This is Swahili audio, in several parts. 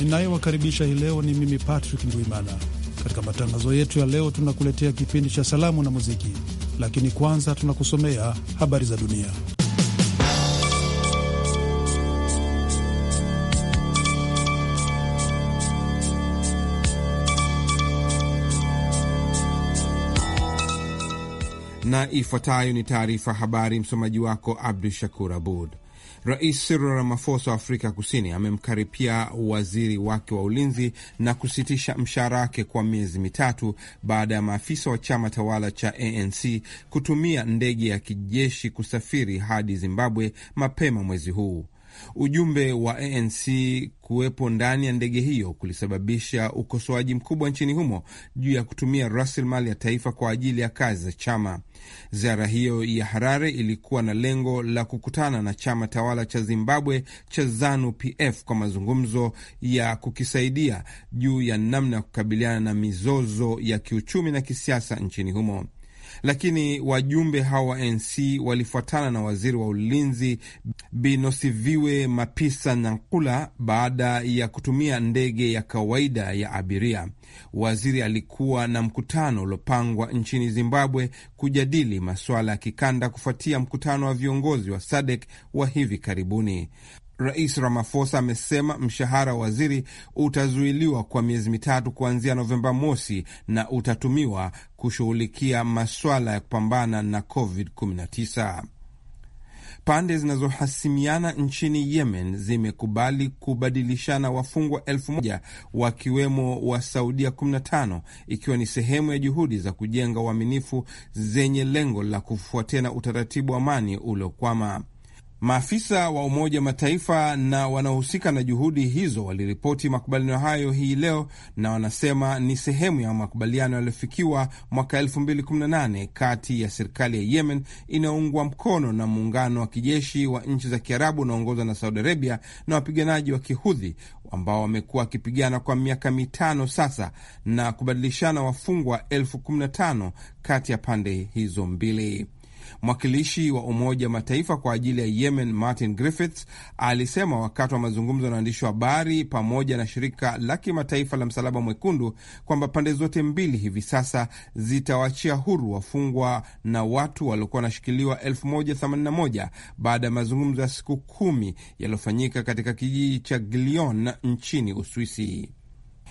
ninayewakaribisha hii leo ni mimi Patrick Ndwimana. Katika matangazo yetu ya leo, tunakuletea kipindi cha salamu na muziki, lakini kwanza tunakusomea habari za dunia. Na ifuatayo ni taarifa habari. Msomaji wako Abdu Shakur Abud. Rais Cyril Ramaphosa wa Afrika Kusini amemkaripia waziri wake wa ulinzi na kusitisha mshahara wake kwa miezi mitatu baada ya maafisa wa chama tawala cha ANC kutumia ndege ya kijeshi kusafiri hadi Zimbabwe mapema mwezi huu. Ujumbe wa ANC kuwepo ndani ya ndege hiyo kulisababisha ukosoaji mkubwa nchini humo juu ya kutumia rasilimali ya taifa kwa ajili ya kazi za chama. Ziara hiyo ya Harare ilikuwa na lengo la kukutana na chama tawala cha Zimbabwe cha ZANU PF kwa mazungumzo ya kukisaidia juu ya namna ya kukabiliana na mizozo ya kiuchumi na kisiasa nchini humo lakini wajumbe hawa wa NC walifuatana na waziri wa ulinzi Binosiviwe Mapisa Nyankula baada ya kutumia ndege ya kawaida ya abiria. Waziri alikuwa na mkutano uliopangwa nchini Zimbabwe kujadili masuala ya kikanda kufuatia mkutano wa viongozi wa SADC wa hivi karibuni. Rais ramafosa amesema mshahara wa waziri utazuiliwa kwa miezi mitatu kuanzia Novemba mosi na utatumiwa kushughulikia maswala ya kupambana na COVID-19. Pande zinazohasimiana nchini Yemen zimekubali kubadilishana wafungwa elfu moja wakiwemo wa Saudia 15 ikiwa ni sehemu ya juhudi za kujenga uaminifu zenye lengo la kufuatia na utaratibu wa amani uliokwama. Maafisa wa Umoja wa Mataifa na wanaohusika na juhudi hizo waliripoti makubaliano hayo hii leo na wanasema ni sehemu ya makubaliano yaliyofikiwa mwaka 2018 kati ya serikali ya Yemen inayoungwa mkono na muungano wa kijeshi wa nchi za Kiarabu unaoongozwa na Saudi Arabia na wapiganaji wa Kihudhi ambao wamekuwa wakipigana kwa miaka mitano sasa na kubadilishana wafungwa elfu kati ya pande hizo mbili. Mwakilishi wa Umoja Mataifa kwa ajili ya Yemen, Martin Griffiths, alisema wakati wa mazungumzo na waandishi wa habari pamoja na shirika la kimataifa la Msalaba Mwekundu kwamba pande zote mbili hivi sasa zitawachia huru wafungwa na watu waliokuwa wanashikiliwa 1081 baada ya mazungumzo ya siku kumi yaliyofanyika katika kijiji cha Glion nchini Uswisi.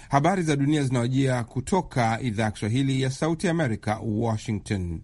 Habari za dunia zinawajia kutoka idhaa ya Kiswahili ya Sauti Amerika, Washington.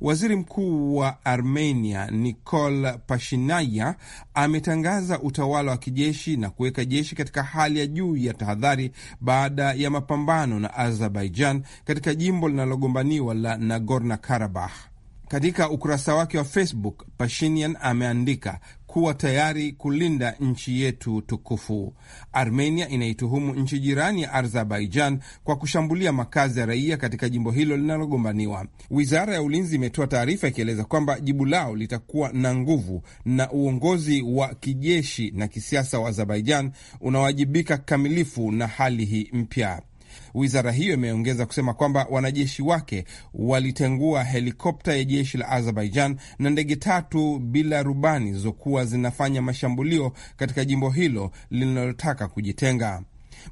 Waziri Mkuu wa Armenia Nikol Pashinyan ametangaza utawala wa kijeshi na kuweka jeshi katika hali ya juu ya tahadhari baada ya mapambano na Azerbaijan katika jimbo linalogombaniwa la Nagorno Karabakh. Katika ukurasa wake wa Facebook, pashinian ameandika kuwa tayari kulinda nchi yetu tukufu. Armenia inaituhumu nchi jirani ya Azerbaijan kwa kushambulia makazi ya raia katika jimbo hilo linalogombaniwa. Wizara ya ulinzi imetoa taarifa ikieleza kwamba jibu lao litakuwa na nguvu, na uongozi wa kijeshi na kisiasa wa Azerbaijan unawajibika kikamilifu na hali hii mpya. Wizara hiyo imeongeza kusema kwamba wanajeshi wake walitengua helikopta ya jeshi la Azerbaijan na ndege tatu bila rubani zilizokuwa zinafanya mashambulio katika jimbo hilo linalotaka kujitenga.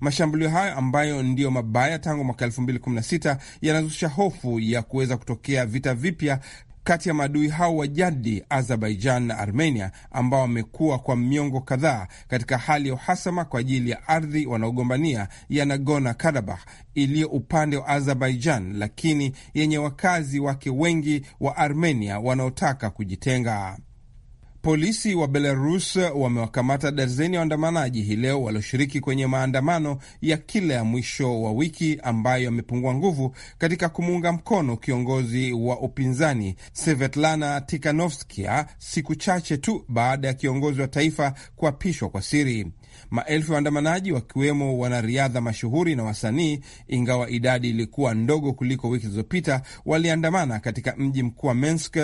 Mashambulio hayo ambayo ndiyo mabaya tangu mwaka 2016 yanazusha hofu ya kuweza kutokea vita vipya kati ya maadui hao wa jadi Azerbaijan na Armenia, ambao wamekuwa kwa miongo kadhaa katika hali ya uhasama kwa ajili ya ardhi wanaogombania ya nagona Karabakh iliyo upande wa Azerbaijan, lakini yenye wakazi wake wengi wa Armenia wanaotaka kujitenga. Polisi wa Belarus wamewakamata darzeni ya waandamanaji hii leo walioshiriki kwenye maandamano ya kila ya mwisho wa wiki ambayo yamepungua nguvu katika kumuunga mkono kiongozi wa upinzani Svetlana Tikanovskia siku chache tu baada ya kiongozi wa taifa kuapishwa kwa siri. Maelfu ya waandamanaji wakiwemo wanariadha mashuhuri na wasanii, ingawa idadi ilikuwa ndogo kuliko wiki zilizopita, waliandamana katika mji mkuu wa Minsk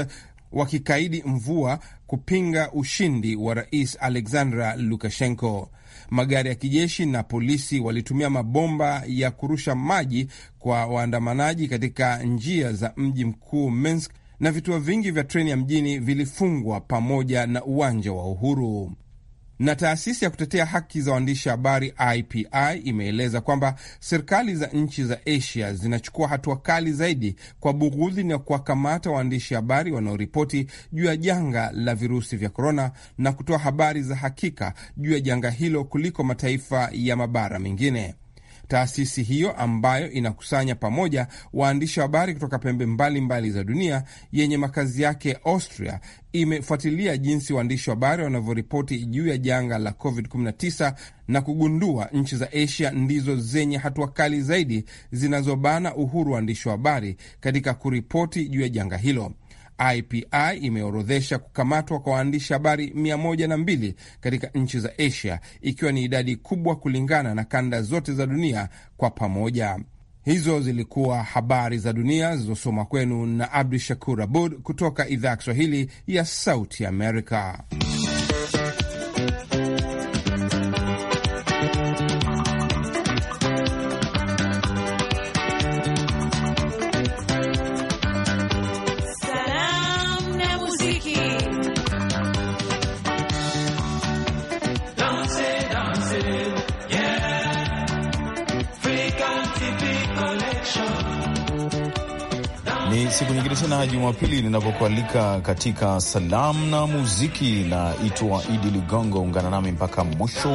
wakikaidi mvua kupinga ushindi wa rais Alexandra Lukashenko. Magari ya kijeshi na polisi walitumia mabomba ya kurusha maji kwa waandamanaji katika njia za mji mkuu Minsk, na vituo vingi vya treni ya mjini vilifungwa pamoja na uwanja wa Uhuru. Na taasisi ya kutetea haki za waandishi habari IPI imeeleza kwamba serikali za nchi za Asia zinachukua hatua kali zaidi kwa bughudhi na kuwakamata waandishi habari wanaoripoti juu ya janga la virusi vya korona na kutoa habari za hakika juu ya janga hilo kuliko mataifa ya mabara mengine. Taasisi hiyo ambayo inakusanya pamoja waandishi wa habari kutoka pembe mbalimbali mbali za dunia yenye makazi yake Austria imefuatilia jinsi waandishi wa habari wanavyoripoti juu ya janga la COVID-19 na kugundua nchi za Asia ndizo zenye hatua kali zaidi zinazobana uhuru wa waandishi wa habari katika kuripoti juu ya janga hilo. IPI imeorodhesha kukamatwa kwa waandishi habari 12 katika nchi za Asia, ikiwa ni idadi kubwa kulingana na kanda zote za dunia kwa pamoja. Hizo zilikuwa habari za dunia zilizosoma kwenu na Abdu Shakur Abud kutoka idhaa ya Kiswahili ya Sauti Amerika. tena Jumapili ninapokualika katika salamu na muziki na itwa Idi Ligongo. Ungana nami mpaka mwisho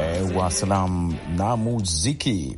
eh, wa salamu na muziki.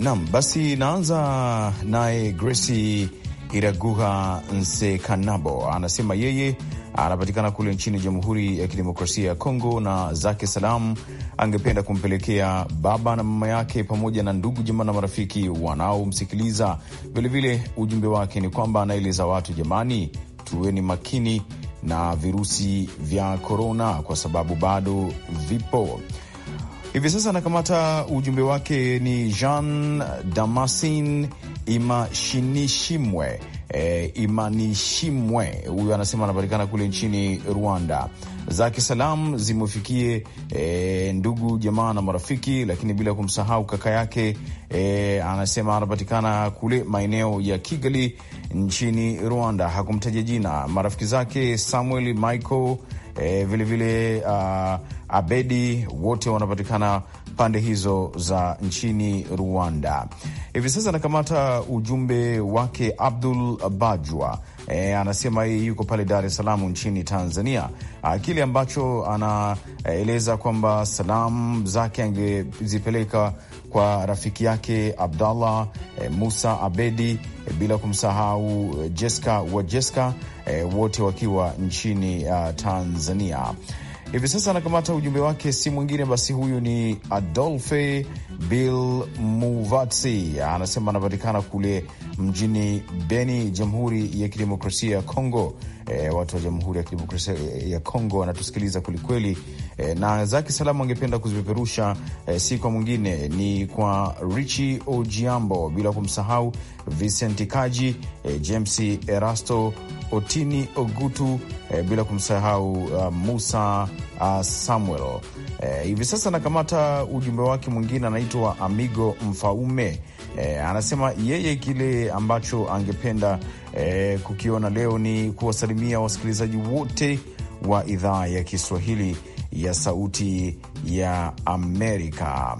Nam, basi naanza naye gresi Iraguha Nsekanabo anasema yeye anapatikana kule nchini Jamhuri ya Kidemokrasia ya Kongo, na zake salamu angependa kumpelekea baba na mama yake pamoja na ndugu jamaa na marafiki wanaomsikiliza. Vilevile ujumbe wake ni kwamba anaeleza watu, jamani, tuweni makini na virusi vya korona kwa sababu bado vipo hivi sasa. Anakamata ujumbe wake ni Jean Damasin imashinishimwe eh, Imanishimwe huyu anasema anapatikana kule nchini Rwanda. Zake salam zimefikie eh, ndugu jamaa na marafiki, lakini bila kumsahau kaka yake eh, anasema anapatikana kule maeneo ya Kigali nchini Rwanda. Hakumtaja jina marafiki zake Samuel Michael vilevile vile, uh, Abedi wote wanapatikana pande hizo za nchini Rwanda. Hivi sasa anakamata ujumbe wake Abdul Bajwa e, anasema yeye yuko pale Dar es Salaam nchini Tanzania. Kile ambacho anaeleza kwamba salamu zake angezipeleka kwa rafiki yake Abdallah e, Musa Abedi e, bila kumsahau e, Jeska wa Jeska e, wote wakiwa nchini a, Tanzania. Hivi sasa anakamata ujumbe wake si mwingine basi, huyu ni Adolfe Bill Muvatsi anasema anapatikana kule mjini Beni, Jamhuri ya Kidemokrasia ya Kongo. E, watu wa Jamhuri ya Kidemokrasia ya Kongo wanatusikiliza kwelikweli. E, na zake salamu angependa kuzipeperusha e, si kwa mwingine ni kwa Richi Ojiambo, bila kumsahau Vincent Kaji, e, James Erasto Otini Ogutu, e, bila kumsahau uh, Musa uh, Samuel E, hivi sasa nakamata ujumbe wake mwingine, anaitwa Amigo Mfaume E, anasema yeye kile ambacho angependa e, kukiona leo ni kuwasalimia wasikilizaji wote wa idhaa ya Kiswahili ya Sauti ya Amerika.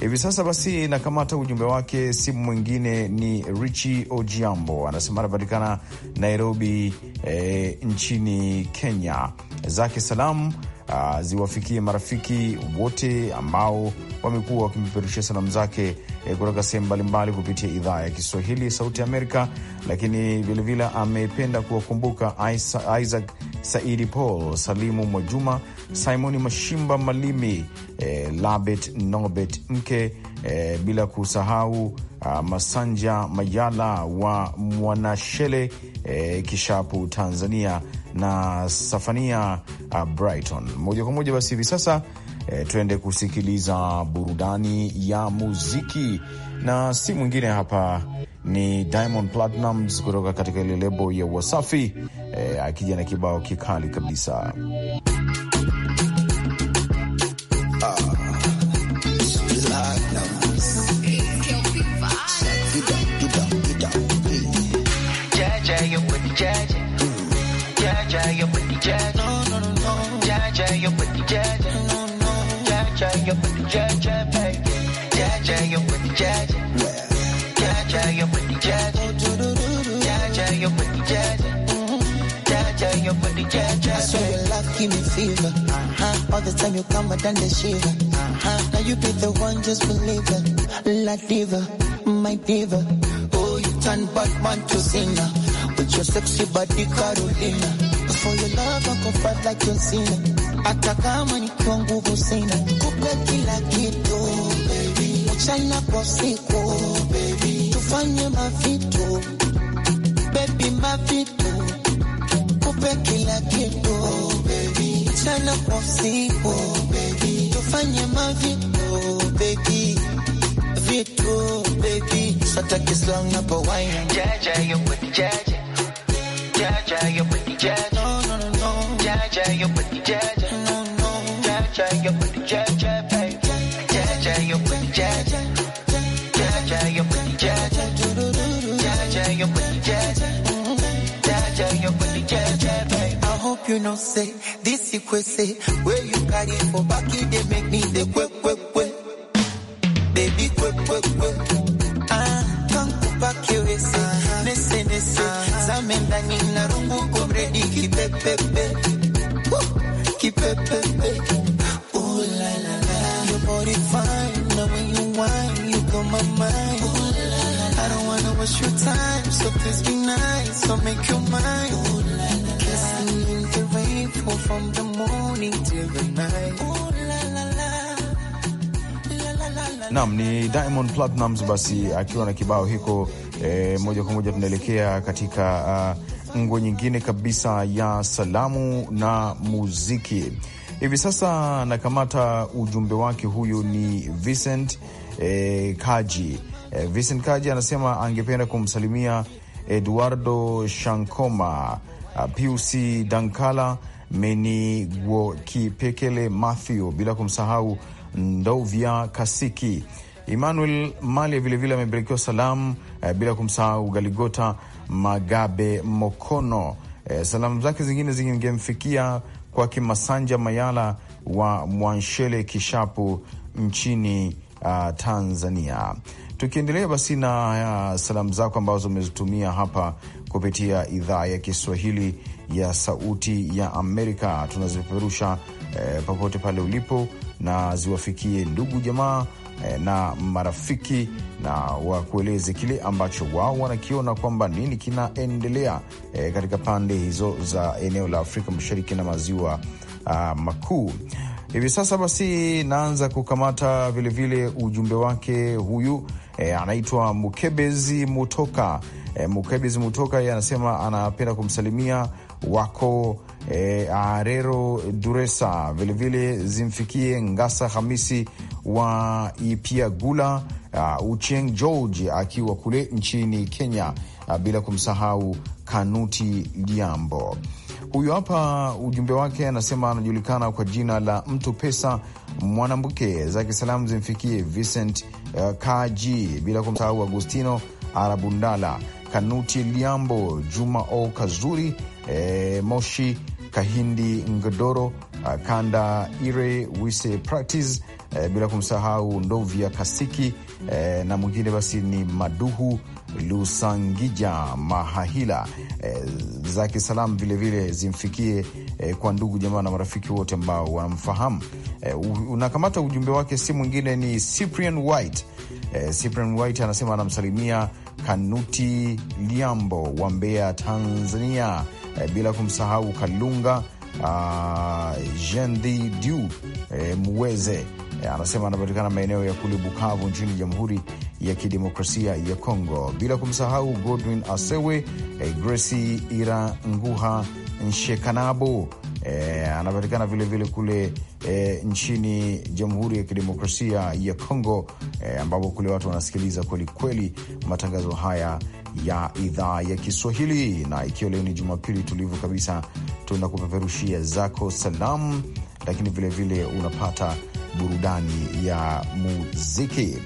Hivi sasa basi nakamata ujumbe wake, simu mwingine ni Richi Ojiambo, anasema anapatikana Nairobi, e, nchini Kenya. Zake salamu Ah, ziwafikie marafiki wote ambao wamekuwa wakimpeperushia salamu zake eh, kutoka sehemu mbalimbali kupitia idhaa ya Kiswahili ya Sauti Amerika. Lakini vilevile amependa kuwakumbuka Isaac Saidi Paul, Salimu Mwajuma, Simoni Mashimba Malimi, eh, Labet Nobet Mke, eh, bila kusahau Uh, Masanja Mayala wa Mwanashele eh, Kishapu Tanzania na Safania uh, Brighton moja kwa moja. Basi hivi sasa eh, tuende kusikiliza burudani ya muziki, na si mwingine hapa ni Diamond Platnumz kutoka katika ile lebo ya Wasafi eh, akija na kibao kikali kabisa I saw your love give me fever all the time you come down the shiver now you be the one just believe it la diva my diva oh you turn Batman to singer with your sexy body Carolina for your love I go fight like you're sinner hata kama nikiwa nguvu sina kupa kila kitu tuachana kwa siku Tufanye mavitu baby, mavitu kupe kila kitu oh, kwa siku Tufanye mavitu oh, baby. Vitu baby. Sataki song na pawaina Jaja yo with jaja Jaja yo with jaja No, no, no, Jaja yo with jaja No, no Jaja yo with you know say this you say where you carry for back it they make me the quick from the morning till the night. Ooh, la, la, la. Naam, ni Diamond Platnumz basi akiwa na kibao hiko E, eh, moja kwa moja tunaelekea katika uh, ah, ngo nyingine kabisa ya salamu na muziki. Hivi sasa nakamata ujumbe wake, huyu ni Vincent e, Kaji E, Vincent Kaji anasema angependa kumsalimia Eduardo Shankoma, uh, Dankala Menigwokipekele Mathew, bila kumsahau Ndovya Kasiki. Emmanuel Malia vilevile amepelekewa salamu eh, bila kumsahau Galigota Magabe Mokono. Eh, salamu zake zingine zingemfikia kwake Masanja Mayala wa Mwanshele Kishapu nchini uh, Tanzania. Tukiendelea basi na uh, salamu zako ambazo umezitumia hapa kupitia idhaa ya Kiswahili ya Sauti ya Amerika. Tunazipeperusha eh, popote pale ulipo, na ziwafikie ndugu jamaa eh, na marafiki, na wakueleze kile ambacho wao wanakiona kwamba nini kinaendelea eh, katika pande hizo za eneo la Afrika Mashariki na Maziwa ah, Makuu hivi sasa. Basi naanza kukamata vilevile ujumbe wake huyu E, anaitwa Mukebezi Mutoka. E, Mukebezi Mutoka yeye anasema anapenda kumsalimia wako e, Arero Duresa, vilevile zimfikie Ngasa Hamisi wa Ipiagula, uh, Ucheng George akiwa kule nchini Kenya, uh, bila kumsahau Kanuti Liambo. Huyu hapa ujumbe wake anasema, anajulikana kwa jina la mtu pesa mwanambuke, zake salamu zimfikie Vincent uh, Kaji, bila kumsahau Agustino Arabundala, Kanuti Liambo, Juma O Kazuri e, Moshi, Kahindi, Ngodoro, Kanda, Ire, Wise Practice, e, bila kumsahau Ndovya Kasiki e, na mwingine basi ni Maduhu Lusangija Mahahila e, za kisalamu vilevile zimfikie e, kwa ndugu jamaa na marafiki wote ambao wanamfahamu. E, unakamata ujumbe wake, si mwingine ni Cyprian White. E, Cyprian White anasema anamsalimia Kanuti Liambo wa Mbeya, Tanzania e, bila kumsahau Kalunga ah, Jendi Du e, eh, Muweze e, eh, anasema anapatikana maeneo ya kule Bukavu nchini Jamhuri ya Kidemokrasia ya Kongo, bila kumsahau Godwin Asewe e, Gracie Ira Nguha Nshekanabo e, anapatikana vilevile kule e, nchini Jamhuri ya Kidemokrasia ya Kongo e, ambapo kule watu wanasikiliza kwelikweli matangazo haya ya idhaa ya Kiswahili, na ikiwa leo ni Jumapili tulivu kabisa, tunakupeperushia zako salamu, lakini vilevile vile unapata burudani ya muziki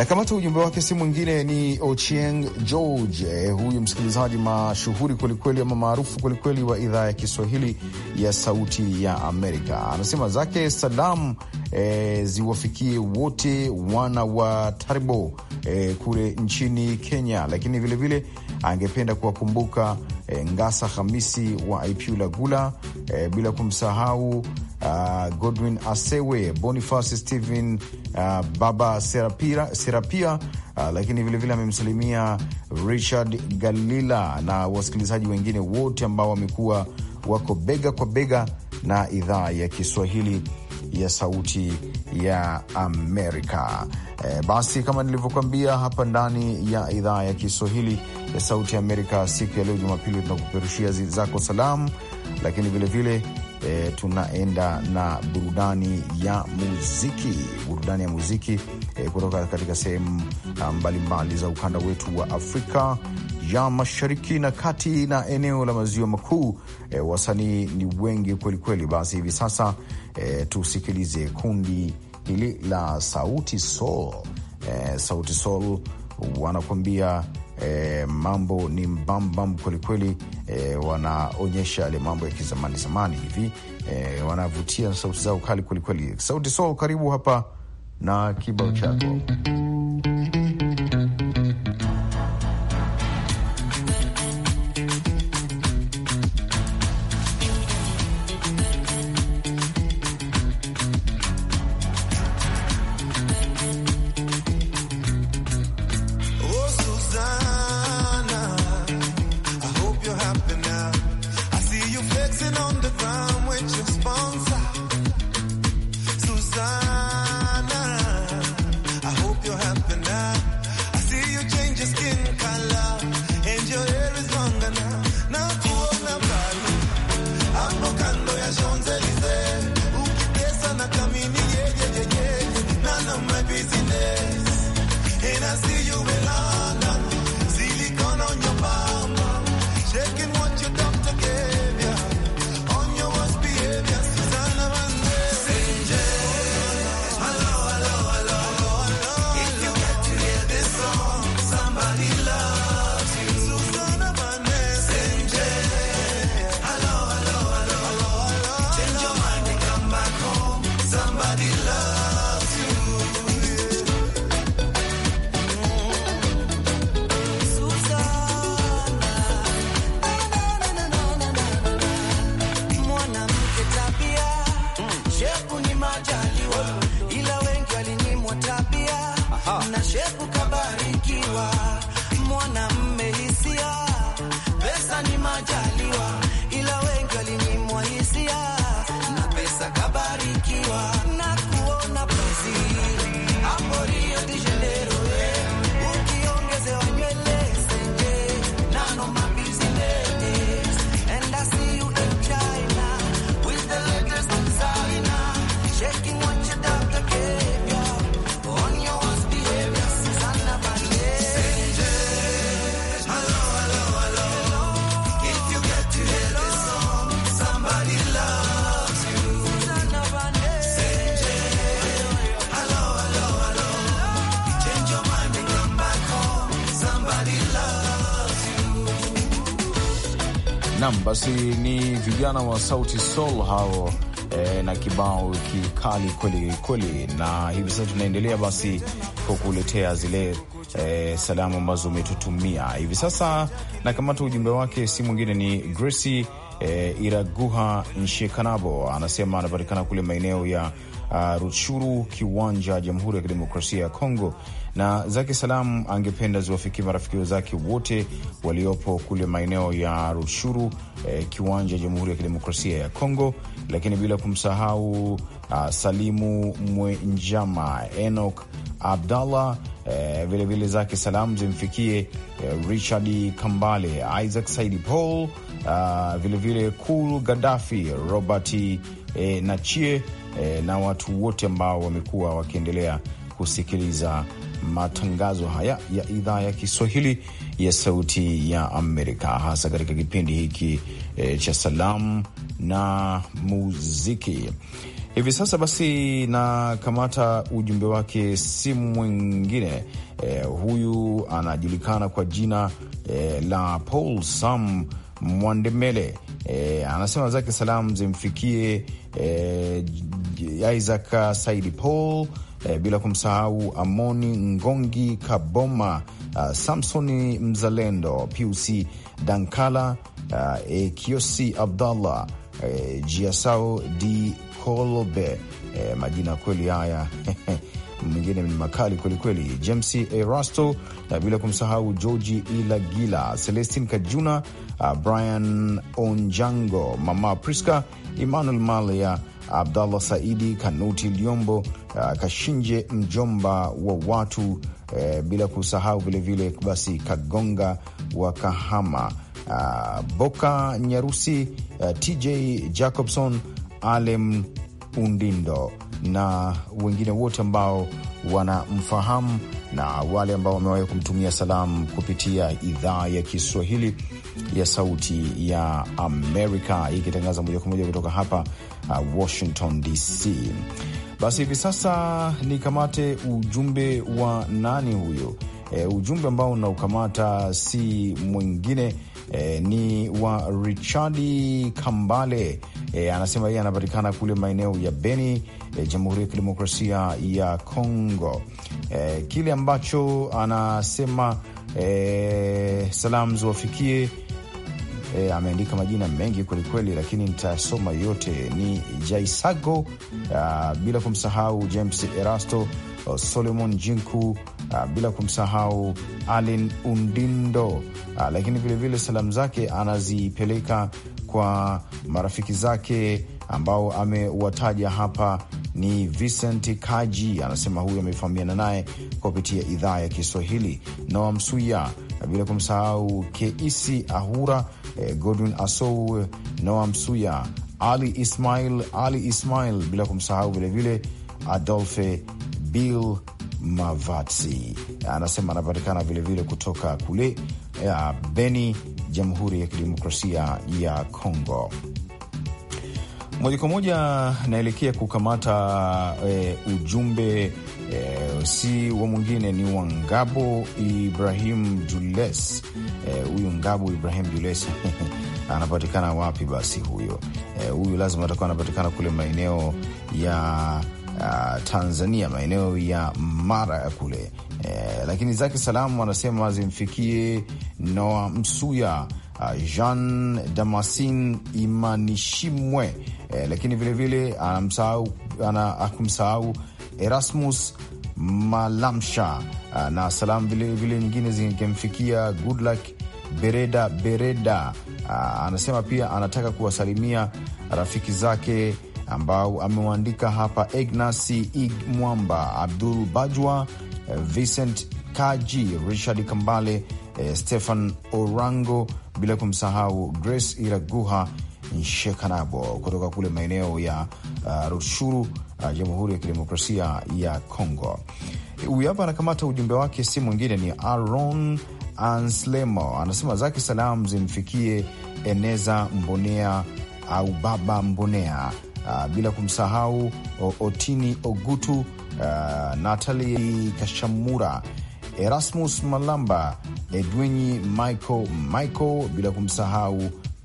na kamata ujumbe wake si mwingine ni Ochieng George. Eh, huyu msikilizaji mashuhuri kwelikweli ama maarufu kwelikweli wa idhaa ya Kiswahili ya Sauti ya Amerika anasema zake salamu e, ziwafikie wote wana wa Taribo e, kule nchini Kenya, lakini vilevile vile, angependa kuwakumbuka e, Ngasa Hamisi wa Ipiula Gula e, bila kumsahau uh, Godwin Asewe, Boniface Stephen, uh, Baba Serapia, Serapia uh, lakini vilevile amemsalimia Richard Galila na wasikilizaji wengine wote ambao wamekuwa wako bega kwa bega na idhaa ya Kiswahili ya Sauti ya Amerika. E, basi kama nilivyokuambia hapa ndani ya idhaa ya Kiswahili ya Sauti ya Amerika siku ya leo Jumapili, tunakuperushia zako salamu, lakini vilevile e, tunaenda na burudani ya muziki, burudani ya muziki e, kutoka katika sehemu ah, mbalimbali za ukanda wetu wa Afrika ya mashariki na kati na eneo la maziwa makuu. E, wasanii ni wengi kwelikweli. Basi hivi sasa e, tusikilize kundi hili la Sauti Sol. E, Sauti Sol wanakuambia e, mambo ni mbambam kwelikweli. E, eh, wanaonyesha yale mambo ya kizamani zamani hivi e, wanavutia sauti zao kali kwelikweli. Sauti Sol, karibu hapa na kibao chako. on the ground with your sponsor, Susanna. Nam, basi ni vijana wa Sauti Sol hao e, na kibao kikali kweli kweli, na hivi sasa tunaendelea basi kukuletea zile e, salamu ambazo umetutumia hivi sasa. Na kamata ujumbe wake, si mwingine ni Gracie e, Iraguha Nshekanabo, anasema anapatikana kule maeneo ya uh, Ruchuru Kiwanja, Jamhuri ya Kidemokrasia ya Kongo na zake salamu angependa ziwafikie marafiki zake wote waliopo kule maeneo ya Rushuru, eh, kiwanja ya Jamhuri ya Kidemokrasia ya Kongo, lakini bila kumsahau uh, Salimu Mwenjama, Enok Abdallah vilevile eh, vile zake salamu zimfikie eh, Richard Kambale, Isaac Saidi Paul, vilevile uh, Kul Gaddafi, Robert eh, Nachie eh, na watu wote ambao wamekuwa wakiendelea kusikiliza matangazo haya ya idhaa ya Kiswahili ya Sauti ya Amerika, hasa katika kipindi hiki e, cha salamu na muziki. Hivi sasa basi, nakamata ujumbe wake si mwingine e, huyu anajulikana kwa jina e, la Paul Sam Mwandemele. E, anasema zake salamu zimfikie e, Isaac Saidi Paul e, bila kumsahau Amoni Ngongi Kaboma, uh, eh, Samsoni Mzalendo, puc Dankala, uh, eh, Ekiosi Abdallah, uh, Jiasao Di Kolobe. Uh, majina kweli haya mwingine ni makali kwelikweli, James Erasto, na bila kumsahau Georgi Ilagila, Celestin Kajuna, uh, Brian Onjango, Mama Priska, Emmanuel Malya, Abdallah Saidi, Kanuti Liombo Ah, Kashinje, mjomba wa watu e, bila kusahau vilevile basi Kagonga wa Kahama, a, ah, Boka Nyarusi, a, eh, TJ Jacobson, Alem Undindo na wengine wote ambao wanamfahamu na wale ambao wamewahi kumtumia salamu kupitia idhaa ya Kiswahili ya Sauti ya Amerika ikitangaza moja kwa moja kutoka hapa uh, Washington DC. Basi hivi sasa nikamate ujumbe wa nani huyo? E, ujumbe ambao unaukamata si mwingine e, ni wa richadi Kambale e, anasema yeye anapatikana kule maeneo ya Beni e, Jamhuri ya Kidemokrasia ya Kongo. E, kile ambacho anasema e, salamu ziwafikie E, ameandika majina mengi kwelikweli, lakini nitasoma yote. Ni Jaisago bila kumsahau James Erasto Solomon Jinku a, bila kumsahau Alin Undindo a, lakini vilevile salamu zake anazipeleka kwa marafiki zake ambao amewataja hapa ni Vincent Kaji, anasema huyu amefahamiana naye kupitia idhaa ya Kiswahili. Noa Msuya, bila kumsahau Keisi Ahura, eh, Godwin Asou, Noa Msuya, Ali Ismail, Ali Ismail, bila kumsahau vilevile Adolfe Bill Mavatsi anasema anapatikana vilevile kutoka kule ya eh, Beni, Jamhuri ya Kidemokrasia ya Kongo. Moja kwa moja naelekea kukamata e, ujumbe E, si wa mwingine ni wa Ngabo Ibrahim Jules. Eh, huyu e, Ngabo Ibrahim Jules anapatikana wapi basi huyo? Eh, huyu lazima atakuwa anapatikana kule maeneo ya uh, Tanzania, maeneo ya Mara ya kule Eh, lakini zake salamu wanasema zimfikie Noa Msuya, uh, Jean Damasin Imanishimwe, eh, lakini vilevile akumsahau Erasmus Malamsha ah, na salamu vilevile nyingine zikemfikia Goodluck Bereda Bereda. Ah, anasema pia anataka kuwasalimia rafiki zake ambao amewaandika hapa: Egnasi Ig Mwamba, Abdul Bajwa, eh, Vincent Kaji, Richard Kambale, stehan Stefan Orango, bila kumsahau Grace Iraguha Nshekanabo kutoka kule maeneo ya uh, ah, Rushuru Uh, Jamhuri ya Kidemokrasia ya Kongo. Huyu hapa anakamata ujumbe wake, si mwingine ni Aron Anslemo, anasema zake salamu zimfikie Eneza Mbonea au Baba Mbonea, uh, bila kumsahau Otini Ogutu, uh, Natali Kashamura, Erasmus Malamba, Edwini Michael Michael, bila kumsahau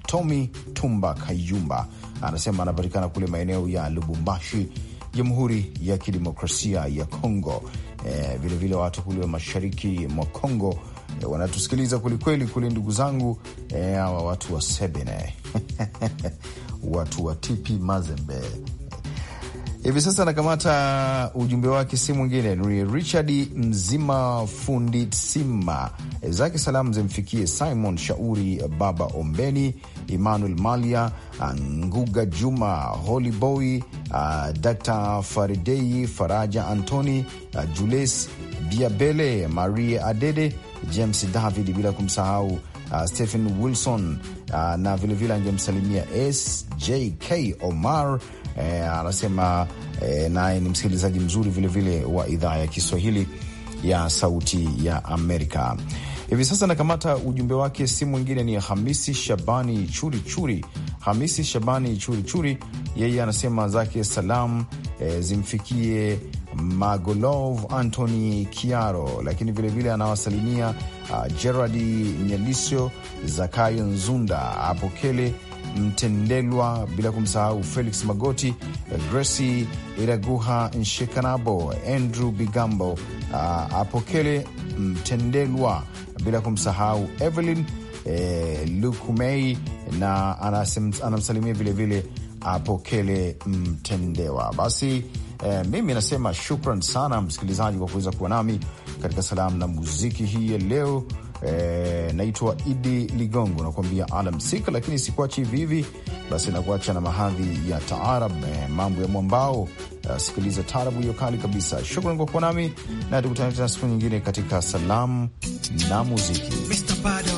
Tommy Tumba Kayumba. Anasema anapatikana kule maeneo ya Lubumbashi Jamhuri ya Kidemokrasia ya Kongo. Vilevile eh, vile watu kule wa mashariki mwa Kongo e, wanatusikiliza kwelikweli kule, ndugu zangu eh, hawa e, watu wa Sebene watu wa Tipi Mazembe hivi sasa nakamata ujumbe wake, si mwingine ni Richard Mzima fundi Sima. Zake salamu zimfikie Simon Shauri, Baba Ombeni, Emmanuel Malia, Nguga Juma, Holy Boy uh, Dr Faridei Faraja Antoni, uh, Jules Biabele, marie Adede, James David, bila kumsahau uh, Stephen Wilson uh, na vilevile angemsalimia SJK Omar. Eh, anasema eh, naye ni msikilizaji mzuri vilevile vile wa idhaa ya Kiswahili ya Sauti ya Amerika. Hivi sasa nakamata ujumbe wake, si mwingine ni Hamisi Shabani Churichuri. Hamisi Shabani Churichuri yeye anasema zake salam e, zimfikie Magolov Antony Kiaro, lakini vilevile anawasalimia uh, ah, Gerardi Nyaliso, Zakayo Nzunda, Apokele Mtendelwa, bila kumsahau Felix Magoti, gresi Iraguha Nshekanabo, Andrew Bigambo, uh, ah, Apokele Mtendelwa, bila kumsahau Evelyn eh, Lukumei na anamsalimia vilevile Apokele Mtendewa. Basi eh, mimi nasema shukran sana msikilizaji kwa kuweza kuwa nami katika salamu na muziki hii ya leo. Eh, naitwa Idi Ligongo, nakuambia alamsika, lakini sikuachi hivi hivi. Basi nakuacha na mahadhi ya taarab, eh, mambo ya mwambao. Uh, sikiliza taarabu hiyo kali kabisa. Shukran kwa kuwa nami na tukutane tena siku nyingine katika salamu na muziki Mr.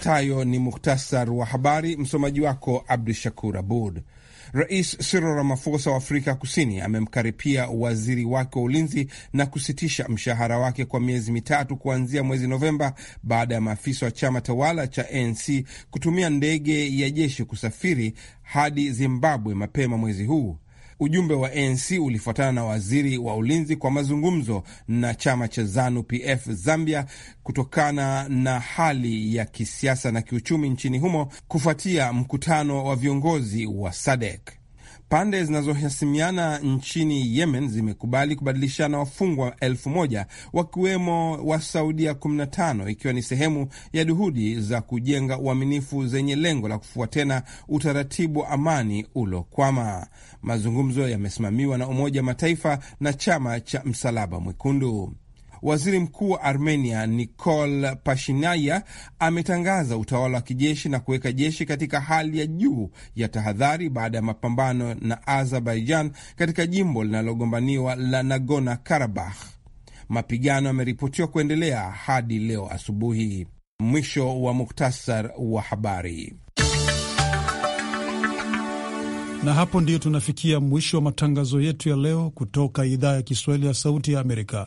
Yafuatayo ni muhtasar wa habari, msomaji wako Abdu Shakur Abud. Rais Cyril Ramaphosa wa Afrika Kusini amemkaripia waziri wake wa ulinzi na kusitisha mshahara wake kwa miezi mitatu kuanzia mwezi Novemba baada ya maafisa wa chama tawala cha ANC kutumia ndege ya jeshi kusafiri hadi Zimbabwe mapema mwezi huu Ujumbe wa ANC ulifuatana na waziri wa ulinzi kwa mazungumzo na chama cha ZANU PF Zambia kutokana na hali ya kisiasa na kiuchumi nchini humo kufuatia mkutano wa viongozi wa SADC. Pande zinazohasimiana nchini Yemen zimekubali kubadilishana wafungwa elfu moja wakiwemo wa Saudia 15 ikiwa ni sehemu ya juhudi za kujenga uaminifu zenye lengo la kufua tena utaratibu wa amani ulokwama. Mazungumzo yamesimamiwa na Umoja wa Mataifa na chama cha Msalaba Mwekundu. Waziri Mkuu wa Armenia Nikol Pashinyan ametangaza utawala wa kijeshi na kuweka jeshi katika hali ya juu ya tahadhari baada ya mapambano na Azerbaijan katika jimbo linalogombaniwa la nagona Karabakh. Mapigano yameripotiwa kuendelea hadi leo asubuhi. Mwisho wa muktasar wa habari. Na hapo ndiyo tunafikia mwisho wa matangazo yetu ya leo kutoka idhaa ya Kiswahili ya Sauti ya Amerika.